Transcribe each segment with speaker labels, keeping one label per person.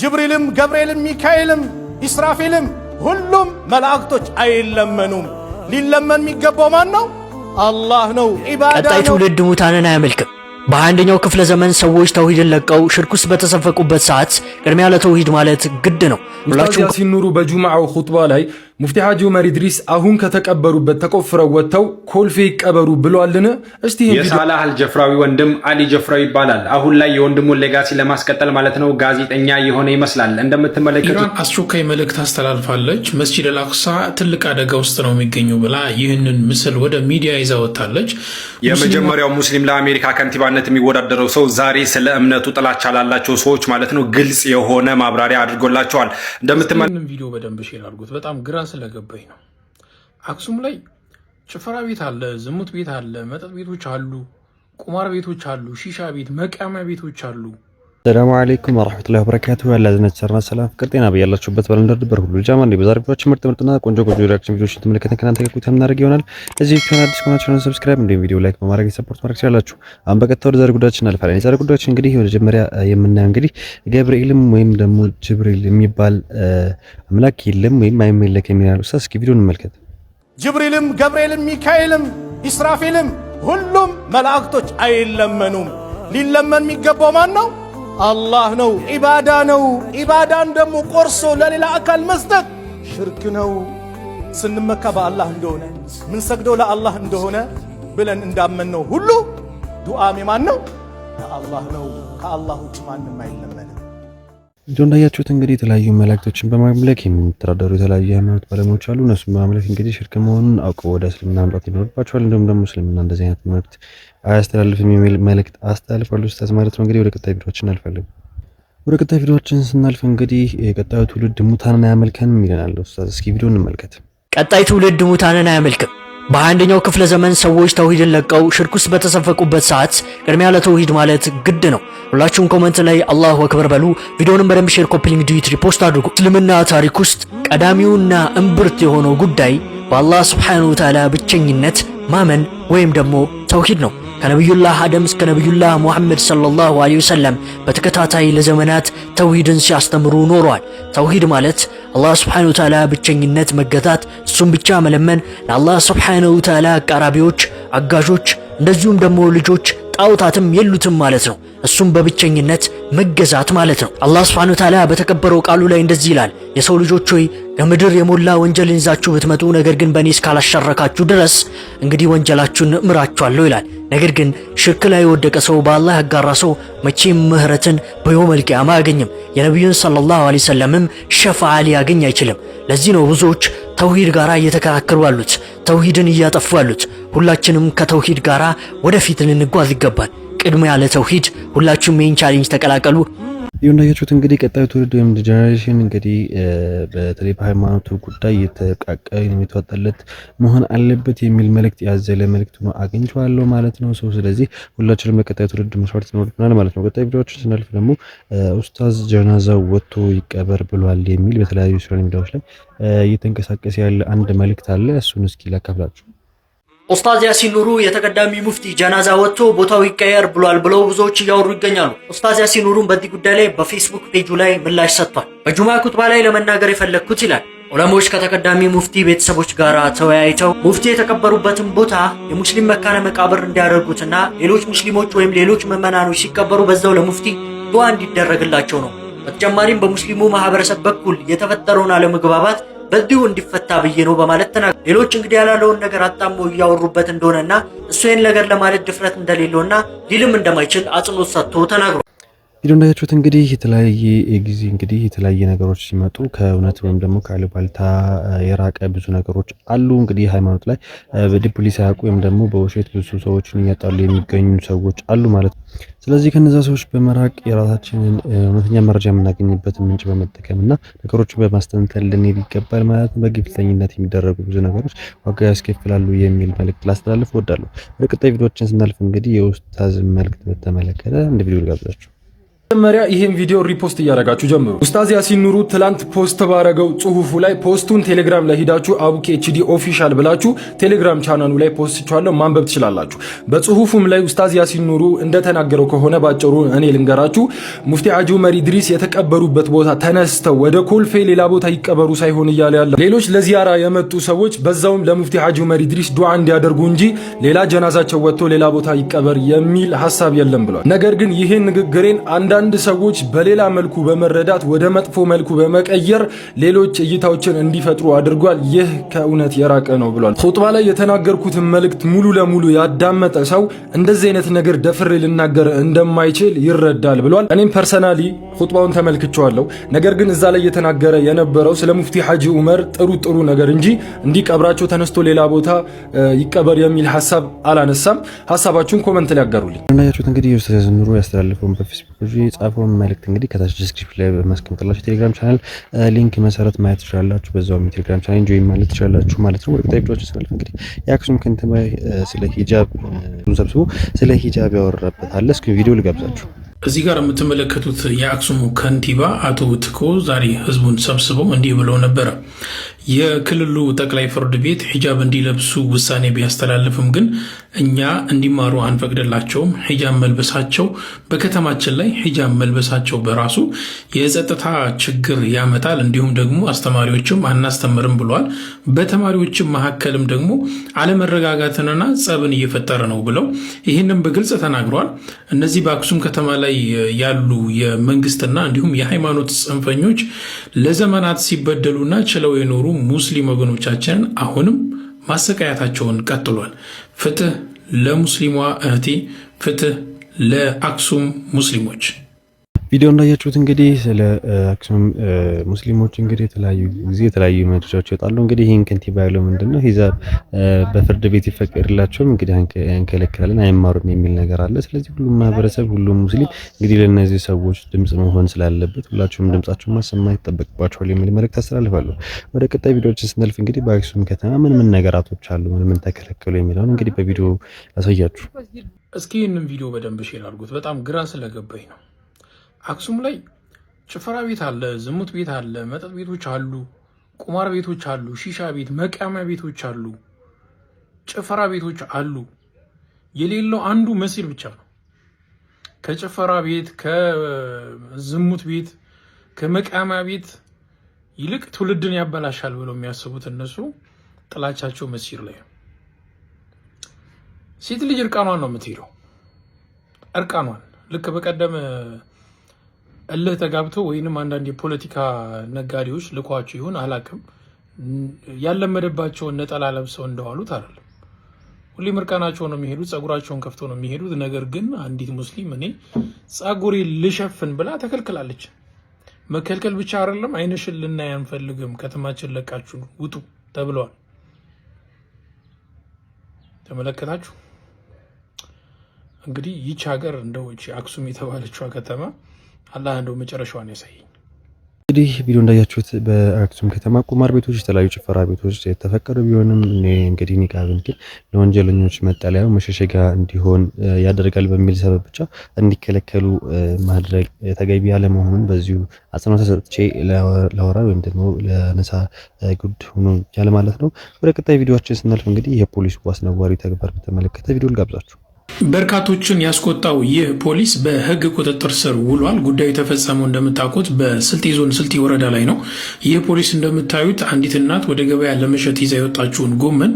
Speaker 1: ጅብሪልም፣ ገብርኤልም፣ ሚካኤልም፣ ኢስራፊልም ሁሉም መላእክቶች አይለመኑም። ሊለመን የሚገባው ማን ነው? አላህ ነው። ኢባዳ ቀጣይ
Speaker 2: ትውልድ ሙታንን አያመልክም። በአንደኛው ክፍለ ዘመን ሰዎች ተውሂድን ለቀው ሽርክ ውስጥ በተሰፈቁበት ሰዓት ቅድሚያ ለተውሂድ ማለት ግድ ነው። ሙፍቲ ያሲን ኑሩ በጁምዓው ኹጥባ ላይ ሙፍቲ ሐጂ ዑመር ኢድሪስ አሁን ከተቀበሩበት ተቆፍረው ወጥተው ኮልፌ ይቀበሩ ብሏልን? እስቲ
Speaker 3: የሳላህ አልጀፍራዊ ወንድም አሊ ጀፍራዊ ይባላል። አሁን ላይ የወንድሙን ሌጋሲ ለማስቀጠል ማለት ነው ጋዜጠኛ የሆነ ይመስላል። እንደምትመለከቱ
Speaker 4: ኢራን አስቸኳይ መልእክት አስተላልፋለች። መስጂድ አልአቅሳ ትልቅ አደጋ ውስጥ ነው የሚገኙ ብላ ይህንን ምስል ወደ ሚዲያ ይዛ ወጥታለች።
Speaker 3: የመጀመሪያው ሙስሊም ለአሜሪካ ከንቲባነት የሚወዳደረው ሰው ዛሬ ስለ እምነቱ ጥላቻ ላላቸው ሰዎች ማለት ነው ግልጽ የሆነ ማብራሪያ አድርጎላቸዋል። እንደምትመ
Speaker 1: ቪዲዮ በደንብ ሼር አድርጉት። በጣም ግራ ስለገባኝ ነው። አክሱም ላይ ጭፈራ ቤት አለ፣ ዝሙት ቤት አለ፣ መጠጥ ቤቶች አሉ፣ ቁማር ቤቶች አሉ፣ ሺሻ ቤት፣ መቃሚያ ቤቶች አሉ።
Speaker 2: ሰላሙ አለይኩም ወራህመቱላሂ ወበረካቱሁ ያላዝነት ሰርና ሰላም ፍቅር ጤና በያላችሁበት በለንደር ድበር ሁሉ ጃማ እንደ በዛሬ ቪዲዮችን ምርጥ ምርጥና ቆንጆ ቆንጆ ሪአክሽን ቪዲዮችን ተመልከተን ከናንተ ጋር ቆይታ የምናደርግ ይሆናል። እዚህ ቻናል አዲስ ከሆናችሁ ሰብስክራይብ፣ እንዲሁም ቪዲዮ ላይክ በማድረግ ሰፖርት ማድረግ ትችላላችሁ። አሁን በቀጥታ ወደ ዛሬ ጉዳያችን እናልፋለን። የዛሬ ጉዳያችን እንግዲህ መጀመሪያ የምናየው እንግዲህ ገብርኤልም ወይም ደግሞ ጅብሪል የሚባል አምላክ የለም ወይም አይመለክ የሚላሉ ሳ እስኪ ቪዲዮ እንመልከት።
Speaker 1: ጅብሪልም ገብርኤልም ሚካኤልም ኢስራፊልም ሁሉም መላእክቶች አይለመኑም። ሊለመን የሚገባው ማን ነው? አላህ ነው፣ ኢባዳ ነው። ኢባዳን ደግሞ ቆርሶ ለሌላ አካል መስጠት ሽርክ ነው። ስንመካ በአላህ እንደሆነ ምንሰግደው ለአላህ እንደሆነ ብለን እንዳመንነው ሁሉ ዱዓም የማን ነው? ለአላህ ነው። ከአላህ ውጭ ማንም አይለመንም።
Speaker 2: እንዲሁ እንዳያችሁት እንግዲህ የተለያዩ መላእክቶችን በማምለክ የሚተዳደሩ የተለያዩ የሃይማኖት ባለሙያዎች አሉ። እነሱን በማምለክ እንግዲህ ሽርክ መሆኑን አውቀው ወደ እስልምና መምጣት ይኖርባቸዋል። እንዲሁም ደግሞ እስልምና እንደዚህ አይነት መልእክት አያስተላልፍም የሚል መልእክት አስተላልፋሉ ስታዝ ማለት ነው። እንግዲህ ወደ ቀጣይ ቪዲዮችን አልፈልግም። ወደ ቀጣይ ቪዲዮችን ስናልፍ እንግዲህ የቀጣዩ ትውልድ ሙታንን አያመልከንም ይለናል ኡስታዝ። እስኪ ቪዲዮ እንመልከት።
Speaker 1: ቀጣይ ትውልድ ሙታንን አያመልክም በአንደኛው ክፍለ ዘመን ሰዎች ተውሂድን ለቀው ሽርክ ውስጥ በተሰፈቁበት ሰዓት ቅድሚያ ለተውሂድ ማለት ግድ ነው። ሁላችሁም ኮመንት ላይ አላሁ አክበር በሉ። ቪዲዮንም በደንብ ሼር፣ ኮፒሊንግ፣ ዲዩት ሪፖስት አድርጉ። እስልምና ታሪክ ውስጥ ቀዳሚውና እምብርት የሆነው ጉዳይ በአላህ ስብሓነሁ ወተዓላ ብቸኝነት ማመን ወይም ደግሞ ተውሂድ ነው። ከነቢዩላህ አደም እስከ ነቢዩላህ ሙሐመድ ሰለላሁ ዐለይሂ ወሰለም በተከታታይ ለዘመናት ተውሂድን ሲያስተምሩ ኖሯል። ተውሂድ ማለት አላህ ሱብሓነሁ ወተዓላ ብቸኝነት መገታት፣ እሱም ብቻ መለመን፣ ለአላህ ሱብሓነሁ ወተዓላ አቃራቢዎች፣ አጋዦች እንደዚሁም ደግሞ ልጆች ጣዖታትም የሉትም ማለት ነው። እሱም በብቸኝነት መገዛት ማለት ነው። አላህ ሱብሓነሁ ወተዓላ በተከበረው ቃሉ ላይ እንደዚህ ይላል፣ የሰው ልጆች ሆይ ከምድር የሞላ ወንጀልን ይዛችሁ ብትመጡ ነገር ግን በእኔ እስካላሻረካችሁ ድረስ እንግዲህ ወንጀላችሁን እምራችኋለሁ ይላል። ነገር ግን ሽርክ ላይ የወደቀ ሰው በአላህ ያጋራ ሰው መቼም ምህረትን በየውመል ቂያማ አያገኝም። የነቢዩን ሰለላሁ ዐለይሂ ወሰለምም ሸፋዓ ሊያገኝ አይችልም። ለዚህ ነው ብዙዎች ተውሂድ ጋራ እየተከራከሩ አሉት ተውሂድን እያጠፉ አሉት ሁላችንም ከተውሂድ ጋራ ወደፊት ልንጓዝ ይገባል። ቅድሚያ ለተውሂድ። ሁላችሁም ይህን ቻሌንጅ ተቀላቀሉ።
Speaker 2: ይሁን እንዳያችሁት እንግዲህ ቀጣዩ ትውልድ ወይም ጀኔሬሽን እንግዲህ በተለይ በሃይማኖቱ ጉዳይ የተቃቀለ የተዋጠለት መሆን አለበት የሚል መልእክት ያዘለ መልእክት ነው አግኝቼዋለሁ ማለት ነው። ሰው ስለዚህ ሁላችንም ለቀጣዩ ትውልድ መስራት ይኖርብናል ማለት ነው። ቀጣይ ቪዲዮዎች ስናልፍ ደግሞ ኡስታዝ ጀናዛው ወጥቶ ይቀበር ብሏል የሚል በተለያዩ ሶሻል ሚዲያዎች ላይ እየተንቀሳቀሰ ያለ አንድ መልእክት አለ። እሱን እስኪ ላካፍላችሁ።
Speaker 1: ኡስታዝ ያሲን ኑሩ የተቀዳሚ ሙፍቲ ጀናዛ ወጥቶ ቦታው ይቀየር ብሏል ብለው ብዙዎች እያወሩ ይገኛሉ። ኡስታዝ ያሲን በዚህ ጉዳይ ላይ በፌስቡክ ፔጁ ላይ ምላሽ ሰጥቷል። በጁማ ኩጥባ ላይ ለመናገር የፈለግኩት ይላል ዑለሞች ከተቀዳሚ ሙፍቲ ቤተሰቦች ጋር ተወያይተው ሙፍቲ የተቀበሩበትን ቦታ የሙስሊም መካነ መቃብር እንዲያደርጉትና ሌሎች ሙስሊሞች ወይም ሌሎች ምዕመናኖች ሲቀበሩ በዛው ለሙፍቲ ዱዓ እንዲደረግላቸው ነው። በተጨማሪም በሙስሊሙ ማህበረሰብ በኩል የተፈጠረውን አለመግባባት በዚሁ እንዲፈታ ብዬ ነው በማለት ተናግሯል። ሌሎች እንግዲህ ያላለውን ነገር አጣሞ እያወሩበት እንደሆነና እሱ ይህን ነገር ለማለት ድፍረት እንደሌለውና ሊልም እንደማይችል አጽንኦት ሰጥቶ ተናግሯል።
Speaker 2: ቪዲዮ እንዳያችሁት እንግዲህ የተለያየ ጊዜ እንግዲህ የተለያየ ነገሮች ሲመጡ ከእውነት ወይም ደግሞ ከአሉባልታ የራቀ ብዙ ነገሮች አሉ። እንግዲህ ሃይማኖት ላይ በዲፕሊ ሳያውቁ ወይም ደግሞ በውሸት ብዙ ሰዎችን እያጣሉ የሚገኙ ሰዎች አሉ ማለት ነው። ስለዚህ ከነዛ ሰዎች በመራቅ የራሳችንን እውነተኛ መረጃ የምናገኝበትን ምንጭ በመጠቀም እና ነገሮችን በማስተንተን ልንሄድ ይገባል ማለት ነው። በግብተኝነት የሚደረጉ ብዙ ነገሮች ዋጋ ያስከፍላሉ የሚል መልእክት ላስተላልፍ እወዳለሁ። ወደ ቀጣይ ስናልፍ እንግዲህ የውስታዝ መልእክት በተመለከተ እንደ ቪዲዮ ልጋብዛችሁ።
Speaker 1: መጀመሪያ ይህን ቪዲዮ ሪፖስት እያደረጋችሁ ጀምሩ። ኡስታዝ ያሲን ኑሩ ትላንት ፖስት ባረገው ጽሁፉ ላይ ፖስቱን ቴሌግራም ላይ ሂዳችሁ አቡኪ ኤችዲ ኦፊሻል ብላችሁ ቴሌግራም ቻናሉ ላይ ፖስት ቻለሁ ማንበብ ትችላላችሁ። በጽሁፉም ላይ ኡስታዝ ያሲን ኑሩ እንደተናገረው ከሆነ ባጭሩ እኔ ልንገራችሁ፣ ሙፍቲ ሐጂ ዑመር ኢድሪስ የተቀበሩበት ቦታ ተነስተው ወደ ኮልፌ ሌላ ቦታ ይቀበሩ ሳይሆን እያለ ያለ ሌሎች ለዚያራ የመጡ ሰዎች በዛውም ለሙፍቲ ሐጂ ዑመር ኢድሪስ ዱዓ እንዲያደርጉ እንጂ ሌላ ጀናዛቸው ወጥቶ ሌላ ቦታ ይቀበር የሚል ሀሳብ የለም ብሏል። ነገር ግን ይህን ንግግሬን አንዳ አንዳንድ ሰዎች በሌላ መልኩ በመረዳት ወደ መጥፎ መልኩ በመቀየር ሌሎች እይታዎችን እንዲፈጥሩ አድርጓል። ይህ ከእውነት የራቀ ነው ብሏል። ኹጥባ ላይ የተናገርኩትን መልእክት ሙሉ ለሙሉ ያዳመጠ ሰው እንደዚህ አይነት ነገር ደፍሬ ልናገር እንደማይችል ይረዳል ብሏል። እኔም ፐርሰናሊ ኹጥባውን ተመልክቼዋለሁ። ነገር ግን እዛ ላይ የተናገረ የነበረው ስለ ሙፍቲ ሐጂ ዑመር ጥሩ ጥሩ ነገር እንጂ እንዲቀብራቸው ተነስቶ ሌላ ቦታ ይቀበር የሚል ሀሳብ አላነሳም። ሀሳባችሁን ኮመንት ላይ ያጋሩልኝ።
Speaker 2: እንግዲህ ኡስታዝ ያስተላልፈውን በፌስቡክ የጻፈውን መልእክት እንግዲህ ከታች ዲስክሪፕሽን ላይ በማስቀምጥላችሁ ቴሌግራም ቻናል ሊንክ መሰረት ማየት ትችላላችሁ። በዛውም የቴሌግራም ቻናል ጆይን ማለት ትችላላችሁ ማለት ነው። ወደ ቀጣይ ብቻችሁ ስናልፍ እንግዲህ የአክሱም ከንቲባ ስለ ሂጃብ ሰብስቦ ስለ ሂጃብ ያወራበት አለ። እስኪ ቪዲዮ ልጋብዛችሁ።
Speaker 4: እዚህ ጋር የምትመለከቱት የአክሱሙ ከንቲባ አቶ ትኮ ዛሬ ህዝቡን ሰብስበው እንዲህ ብለው ነበረ። የክልሉ ጠቅላይ ፍርድ ቤት ሂጃብ እንዲለብሱ ውሳኔ ቢያስተላልፍም ግን እኛ እንዲማሩ አንፈቅድላቸውም። ሂጃብ መልበሳቸው በከተማችን ላይ ሂጃብ መልበሳቸው በራሱ የጸጥታ ችግር ያመጣል፣ እንዲሁም ደግሞ አስተማሪዎችም አናስተምርም ብለዋል። በተማሪዎችም መካከልም ደግሞ አለመረጋጋትንና ጸብን እየፈጠረ ነው ብለው ይህንም በግልጽ ተናግረዋል። እነዚህ በአክሱም ከተማ ላይ ያሉ የመንግስትና እንዲሁም የሃይማኖት ጽንፈኞች ለዘመናት ሲበደሉና ችለው የኖሩ ሙስሊም ወገኖቻችንን አሁንም ማሰቃያታቸውን ቀጥሏል። ፍትህ ለሙስሊሟ እህቴ፣ ፍትህ ለአክሱም ሙስሊሞች።
Speaker 2: ቪዲዮ እንዳያችሁት እንግዲህ ስለ አክሱም ሙስሊሞች እንግዲህ የተለያዩ ጊዜ የተለያዩ መረጃዎች ይወጣሉ። እንግዲህ ይህን ከንቲባ ያለው ምንድን ነው ሂዛብ በፍርድ ቤት ይፈቀድላቸውም እንግዲህ እንከለክላለን፣ አይማሩም የሚል ነገር አለ። ስለዚህ ሁሉም ማህበረሰብ፣ ሁሉም ሙስሊም እንግዲህ ለእነዚህ ሰዎች ድምፅ መሆን ስላለበት ሁላችሁም ድምጻችሁን ማሰማት ይጠበቅባቸዋል የሚል መልእክት አስተላልፋለሁ። ወደ ቀጣይ ቪዲዮዎች ስናልፍ እንግዲህ በአክሱም ከተማ ምን ምን ነገራቶች አሉ፣ ምን ምን ተከለከሉ የሚለውን እንግዲህ በቪዲዮ ያሳያችሁ።
Speaker 1: እስኪ ይህንን ቪዲዮ በደንብ ሼር አድርጉት። በጣም ግራ ስለገባኝ ነው አክሱም ላይ ጭፈራ ቤት አለ፣ ዝሙት ቤት አለ፣ መጠጥ ቤቶች አሉ፣ ቁማር ቤቶች አሉ፣ ሺሻ ቤት፣ መቃሚያ ቤቶች አሉ፣ ጭፈራ ቤቶች አሉ። የሌለው አንዱ መስጊድ ብቻ ነው። ከጭፈራ ቤት፣ ከዝሙት ቤት፣ ከመቃሚያ ቤት ይልቅ ትውልድን ያበላሻል ብለው የሚያስቡት እነሱ ጥላቻቸው መሲር ላይ ነው። ሴት ልጅ እርቃኗን ነው የምትሄደው። እርቃኗን ልክ በቀደም እልህ ተጋብቶ ወይንም አንዳንድ የፖለቲካ ነጋዴዎች ልኳቸው ይሁን አላቅም ያለመደባቸውን ነጠላ ለብሰው እንደዋሉት አይደለም። ሁሌ ምርቃናቸው ነው የሚሄዱት፣ ጸጉራቸውን ከፍቶ ነው የሚሄዱት። ነገር ግን አንዲት ሙስሊም እኔ ጸጉሬ ልሸፍን ብላ ተከልክላለች። መከልከል ብቻ አይደለም ዓይንሽን ልናይ አንፈልግም፣ ከተማችን ለቃችሁ ውጡ ተብለዋል። ተመለከታችሁ እንግዲህ ይች ሀገር እንደው አክሱም የተባለችዋ ከተማ አላህ እንደው መጨረሻዋን ያሳየኝ።
Speaker 2: እንግዲህ ቪዲዮ እንዳያችሁት በአክሱም ከተማ ቁማር ቤቶች፣ የተለያዩ ጭፈራ ቤቶች የተፈቀዱ ቢሆንም እንግዲህ ኒቃብን ግን ለወንጀለኞች መጠለያ መሸሸጊያ እንዲሆን ያደርጋል በሚል ሰበብ ብቻ እንዲከለከሉ ማድረግ ተገቢ ያለመሆኑን በዚሁ አጽንኦት ሰጥቼ ለወራ ወይም ደግሞ ለነሳ ጉድ ሆኖ ያለ ማለት ነው። ወደ ቀጣይ ቪዲዮችን ስናልፍ እንግዲህ የፖሊስ አስነዋሪ ተግባር በተመለከተ ቪዲዮን ጋብዛችሁ
Speaker 4: በርካቶችን ያስቆጣው ይህ ፖሊስ በህግ ቁጥጥር ስር ውሏል። ጉዳዩ የተፈጸመው እንደምታውቁት በስልጤ ዞን ስልጤ ወረዳ ላይ ነው። ይህ ፖሊስ እንደምታዩት አንዲት እናት ወደ ገበያ ለመሸጥ ይዛ የወጣችውን ጎመን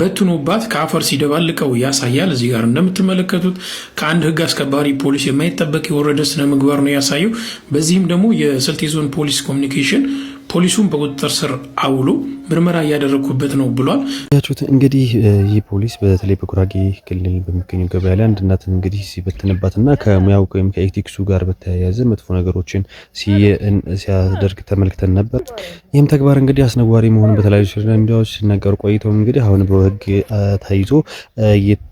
Speaker 4: በትኖባት ከአፈር ሲደባልቀው ያሳያል። እዚህ ጋር እንደምትመለከቱት ከአንድ ህግ አስከባሪ ፖሊስ የማይጠበቅ የወረደ ስነ ምግባር ነው ያሳየው። በዚህም ደግሞ የስልጤ ዞን ፖሊስ ኮሚኒኬሽን ፖሊሱን በቁጥጥር ስር አውሎ ምርመራ እያደረግኩበት ነው ብሏል።
Speaker 2: ያችሁት እንግዲህ ይህ ፖሊስ በተለይ በጉራጌ ክልል በሚገኘው ገበያ ላይ አንድ እናትን እንግዲህ ሲበትንባትና ከሙያው ወይም ከኤቲክሱ ጋር በተያያዘ መጥፎ ነገሮችን ሲያደርግ ተመልክተን ነበር። ይህም ተግባር እንግዲህ አስነዋሪ መሆኑን በተለያዩ ሶሻል ሚዲያዎች ሲናገሩ ቆይተውም እንግዲህ አሁን በህግ ተይዞ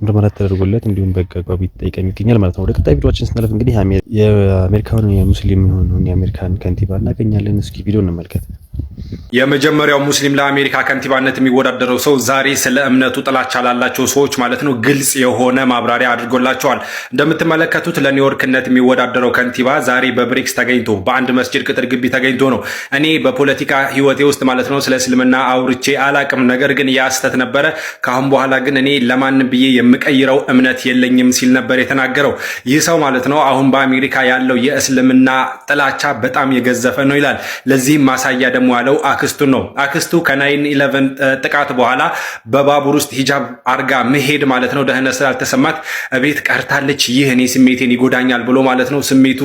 Speaker 2: ምርመራ ተደርጎለት እንዲሁም በህግ አግባብ ጠይቀ ይገኛል ማለት ነው። ወደ ቀጣይ ቪዲዮችን ስናለፍ እንግዲህ የአሜሪካን የሙስሊም የሆነውን የአሜሪካን ከንቲባ እናገኛለን። እስኪ ቪዲዮ እንመልከት።
Speaker 3: የመጀመሪያው ሙስሊም ለአሜሪካ ከንቲባነት የሚወዳደረው ሰው ዛሬ ስለ እምነቱ ጥላቻ ላላቸው ሰዎች ማለት ነው ግልጽ የሆነ ማብራሪያ አድርጎላቸዋል። እንደምትመለከቱት ለኒውዮርክነት የሚወዳደረው ከንቲባ ዛሬ በብሪክስ ተገኝቶ በአንድ መስጅድ ቅጥር ግቢ ተገኝቶ ነው። እኔ በፖለቲካ ሕይወቴ ውስጥ ማለት ነው ስለ እስልምና አውርቼ አላቅም፣ ነገር ግን ያስተት ነበረ። ከአሁን በኋላ ግን እኔ ለማንም ብዬ የምቀይረው እምነት የለኝም ሲል ነበር የተናገረው። ይህ ሰው ማለት ነው አሁን በአሜሪካ ያለው የእስልምና ጥላቻ በጣም የገዘፈ ነው ይላል። ለዚህም ማሳያ ሲፋለም አክስቱ አክስቱን ነው። አክስቱ ከናይን ኢለቨን ጥቃት በኋላ በባቡር ውስጥ ሂጃብ አርጋ መሄድ ማለት ነው ደህንነት ስላልተሰማት እቤት ቀርታለች። ይህ እኔ ስሜቴን ይጎዳኛል ብሎ ማለት ነው ስሜቱ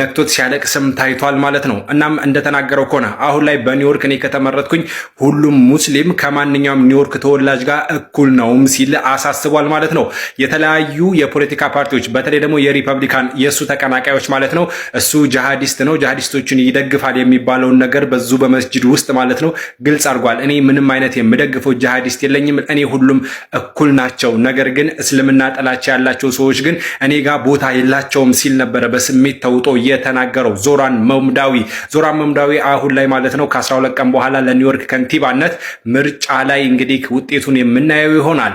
Speaker 3: ነክቶት ሲያለቅስም ታይቷል ማለት ነው። እናም እንደተናገረው ከሆነ አሁን ላይ በኒውዮርክ እኔ ከተመረጥኩኝ ሁሉም ሙስሊም ከማንኛውም ኒውዮርክ ተወላጅ ጋር እኩል ነውም ሲል አሳስቧል ማለት ነው። የተለያዩ የፖለቲካ ፓርቲዎች በተለይ ደግሞ የሪፐብሊካን የእሱ ተቀናቃዮች ማለት ነው እሱ ጃሃዲስት ነው ጃሃዲስቶችን ይደግፋል የሚባለውን ነገር በዙ በመ መስጅድ ውስጥ ማለት ነው ግልጽ አድርጓል። እኔ ምንም አይነት የምደግፈው ጂሃዲስት የለኝም፣ እኔ ሁሉም እኩል ናቸው። ነገር ግን እስልምና ጥላቻ ያላቸው ሰዎች ግን እኔ ጋር ቦታ የላቸውም ሲል ነበረ በስሜት ተውጦ የተናገረው ዞራን መምዳዊ። ዞራን መምዳዊ አሁን ላይ ማለት ነው ከ12 ቀን በኋላ ለኒውዮርክ ከንቲባነት ምርጫ ላይ እንግዲህ ውጤቱን የምናየው ይሆናል።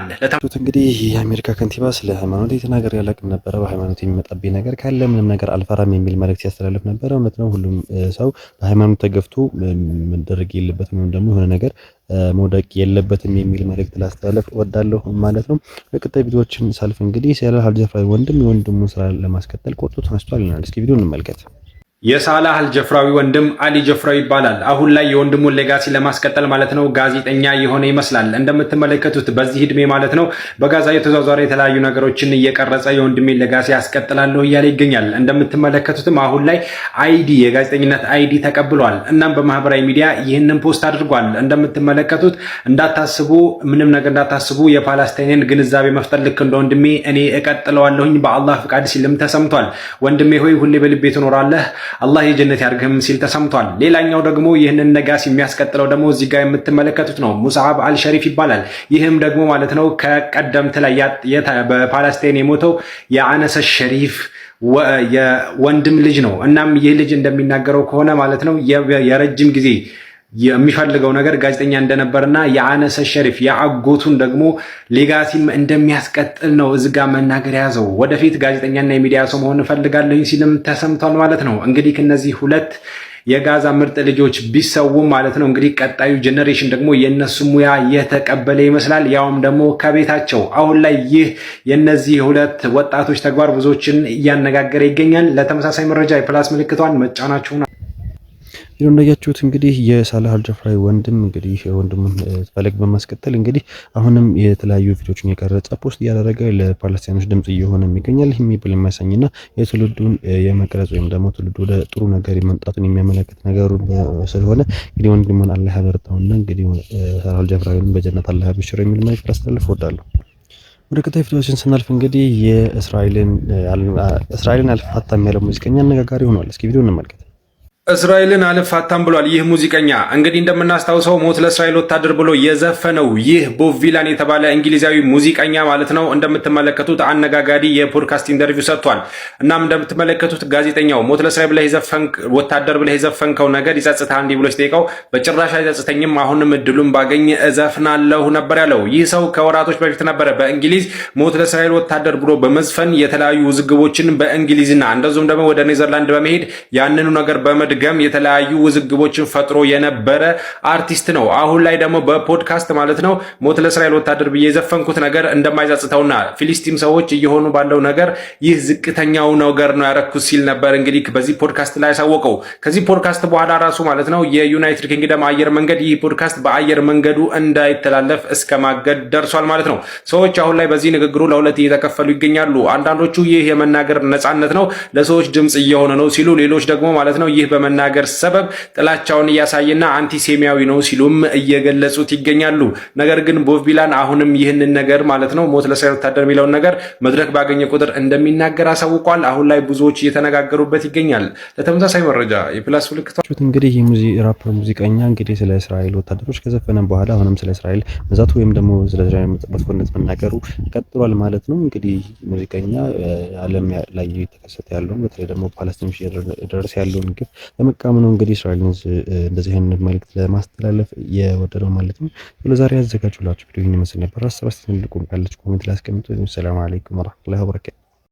Speaker 2: እንግዲህ የአሜሪካ ከንቲባ ስለ ሃይማኖት የተናገር ያለቅም ነበረ። በሃይማኖት የሚመጣብኝ ነገር ካለ ምንም ነገር አልፈራም የሚል መልእክት ያስተላልፍ ነበረ። እውነት ነው ሁሉም ሰው በሃይማኖት ተገፍቶ መደረግ የለበትም ወይም ደግሞ የሆነ ነገር መውደቅ የለበትም የሚል መልእክት ላስተላለፍ እወዳለሁ ማለት ነው። በቀጣይ ቪዲዮዎችን ሳልፍ እንግዲህ ስለ አልጀፍራዊ ወንድም የወንድሙን ስራ ለማስቀጠል ቆርጦ ተነስቷል ይሆናል። እስኪ ቪዲዮ እንመልከት።
Speaker 1: የሳላህ አልጀፍራዊ ወንድም አሊ ጀፍራዊ ይባላል። አሁን ላይ የወንድሙን ሌጋሲ ለማስቀጠል ማለት ነው ጋዜጠኛ የሆነ ይመስላል። እንደምትመለከቱት በዚህ እድሜ ማለት ነው በጋዛ የተዟዟረ የተለያዩ ነገሮችን እየቀረጸ የወንድሜን ሌጋሲ ያስቀጥላለሁ እያለ ይገኛል። እንደምትመለከቱትም አሁን ላይ አይዲ የጋዜጠኝነት አይዲ ተቀብሏል። እናም በማህበራዊ ሚዲያ ይህንን ፖስት አድርጓል። እንደምትመለከቱት እንዳታስቡ፣ ምንም ነገር እንዳታስቡ፣ የፓለስታይንን ግንዛቤ መፍጠር ልክ እንደ ወንድሜ እኔ እቀጥለዋለሁኝ በአላህ ፍቃድ ሲልም ተሰምቷል። ወንድሜ ሆይ ሁሌ በልቤ ትኖራለህ አላህ የጀነት ያድርግህም ሲል ተሰምቷል። ሌላኛው ደግሞ ይህንን ነጋስ የሚያስቀጥለው ደግሞ እዚህ ጋር የምትመለከቱት ነው። ሙስዓብ አልሸሪፍ ይባላል። ይህም ደግሞ ማለት ነው ከቀደምት ላይ በፓለስታይን የሞተው የአነሰ ሸሪፍ የወንድም ልጅ ነው። እናም ይህ ልጅ እንደሚናገረው ከሆነ ማለት ነው የረጅም ጊዜ የሚፈልገው ነገር ጋዜጠኛ እንደነበርና የአነሰ ሸሪፍ የአጎቱን ደግሞ ሌጋሲም እንደሚያስቀጥል ነው እዚህ ጋር መናገር የያዘው ወደፊት ጋዜጠኛና የሚዲያ ሰው መሆን እፈልጋለኝ ሲልም ተሰምቷል ማለት ነው። እንግዲህ ከነዚህ ሁለት የጋዛ ምርጥ ልጆች ቢሰውም ማለት ነው እንግዲህ ቀጣዩ ጀኔሬሽን ደግሞ የእነሱ ሙያ የተቀበለ ይመስላል፣ ያውም ደግሞ ከቤታቸው። አሁን ላይ ይህ የእነዚህ ሁለት ወጣቶች ተግባር ብዙዎችን እያነጋገረ ይገኛል። ለተመሳሳይ መረጃ የፕላስ ምልክቷን መጫናችሁን
Speaker 2: ይህ እንዳያችሁት እንግዲህ የሳላህ አልጀፍራዊ ወንድም እንግዲህ ወንድሙን ፈለግ በማስቀጠል እንግዲህ አሁንም የተለያዩ ቪዲዮችን የቀረጸ ፖስት እያደረገ ለፓለስቲኖች ድምጽ እየሆነም ይገኛል። ይህም ይብል የማያሰኝና የትውልዱን የመቅረጽ ወይም ደግሞ ትውልዱ ወደ ጥሩ ነገር መምጣቱን የሚያመለክት ነገሩ ስለሆነ እንግዲህ ወንድሙን አላህ ያበርታውና እንግዲህ ሳላህ አልጀፍራዊን በጀነት አላህ ያብሽር የሚል መልዕክት አስተላልፍ እወዳለሁ። ወደ ቀጣይ ቪዲዮዎችን ስናልፍ እንግዲህ የእስራኤልን እስራኤልን አልፋታ የሚያለው ሙዚቀኛ አነጋጋሪ ሆኗል። እስኪ ቪዲዮ እንመልከት።
Speaker 3: እስራኤልን አልፋታም ብሏል። ይህ ሙዚቀኛ እንግዲህ እንደምናስታውሰው ሞት ለእስራኤል ወታደር ብሎ የዘፈነው ይህ ቦብ ቪላን የተባለ እንግሊዛዊ ሙዚቀኛ ማለት ነው። እንደምትመለከቱት አነጋጋሪ የፖድካስት ኢንተርቪው ሰጥቷል። እናም እንደምትመለከቱት ጋዜጠኛው ሞት ለእስራኤል ብለህ የዘፈንክ ወታደር ብለህ የዘፈንከው ነገር ይጸጽታ እንዲህ ብሎ ሲጠይቀው በጭራሽ አይጸጽተኝም፣ አሁንም እድሉን ባገኝ እዘፍናለሁ ነበር ያለው። ይህ ሰው ከወራቶች በፊት ነበረ በእንግሊዝ ሞት ለእስራኤል ወታደር ብሎ በመዝፈን የተለያዩ ውዝግቦችን በእንግሊዝና እንደዚሁም ደግሞ ወደ ኔዘርላንድ በመሄድ ያንኑ ነገር በመድ በመድገም የተለያዩ ውዝግቦችን ፈጥሮ የነበረ አርቲስት ነው። አሁን ላይ ደግሞ በፖድካስት ማለት ነው ሞት ለእስራኤል ወታደር ብዬ የዘፈንኩት ነገር እንደማይጸጽተውና ፊሊስቲን ሰዎች እየሆኑ ባለው ነገር ይህ ዝቅተኛው ነገር ነው ያረኩት ሲል ነበር እንግዲህ በዚህ ፖድካስት ላይ ያሳወቀው። ከዚህ ፖድካስት በኋላ ራሱ ማለት ነው የዩናይትድ ኪንግደም አየር መንገድ ይህ ፖድካስት በአየር መንገዱ እንዳይተላለፍ እስከ ማገድ ደርሷል ማለት ነው። ሰዎች አሁን ላይ በዚህ ንግግሩ ለሁለት እየተከፈሉ ይገኛሉ። አንዳንዶቹ ይህ የመናገር ነጻነት ነው ለሰዎች ድምፅ እየሆነ ነው ሲሉ፣ ሌሎች ደግሞ ማለት ነው ይህ በመናገር ሰበብ ጥላቻውን እያሳየና አንቲሴሚያዊ ነው ሲሉም እየገለጹት ይገኛሉ። ነገር ግን ቦብ ቢላን አሁንም ይህንን ነገር ማለት ነው ሞት ለእስራኤል ወታደር የሚለውን ነገር መድረክ ባገኘ ቁጥር እንደሚናገር አሳውቋል። አሁን ላይ ብዙዎች እየተነጋገሩበት ይገኛል። ለተመሳሳይ መረጃ የፕላስ
Speaker 2: ምልክቶች እንግዲህ ራፕ ሙዚቀኛ እንግዲህ ስለ እስራኤል ወታደሮች ከዘፈነ በኋላ አሁንም ስለ እስራኤል መዛቱ ወይም ደግሞ ስለ እስራኤል መጥፎነት መናገሩ ቀጥሏል ማለት ነው። እንግዲህ ሙዚቀኛ ዓለም ላይ እየተከሰተ ያለውን በተለይ ደግሞ ፓለስቲኖች እየደረሰ ያለውን ግፍ ለመቃም ነው እንግዲህ እስራኤልን እንደዚህ አይነት መልእክት ለማስተላለፍ የወደደው ማለት ነው። ለዛሬ ያዘጋጁላችሁ ቪዲዮ ይመስል ነበር። ሀሳብ አስተያየት ልቁም ኮሜንት ላይ አስቀምጡ። ሰላም አለይኩም ወራህመቱላሂ ወበረካቱ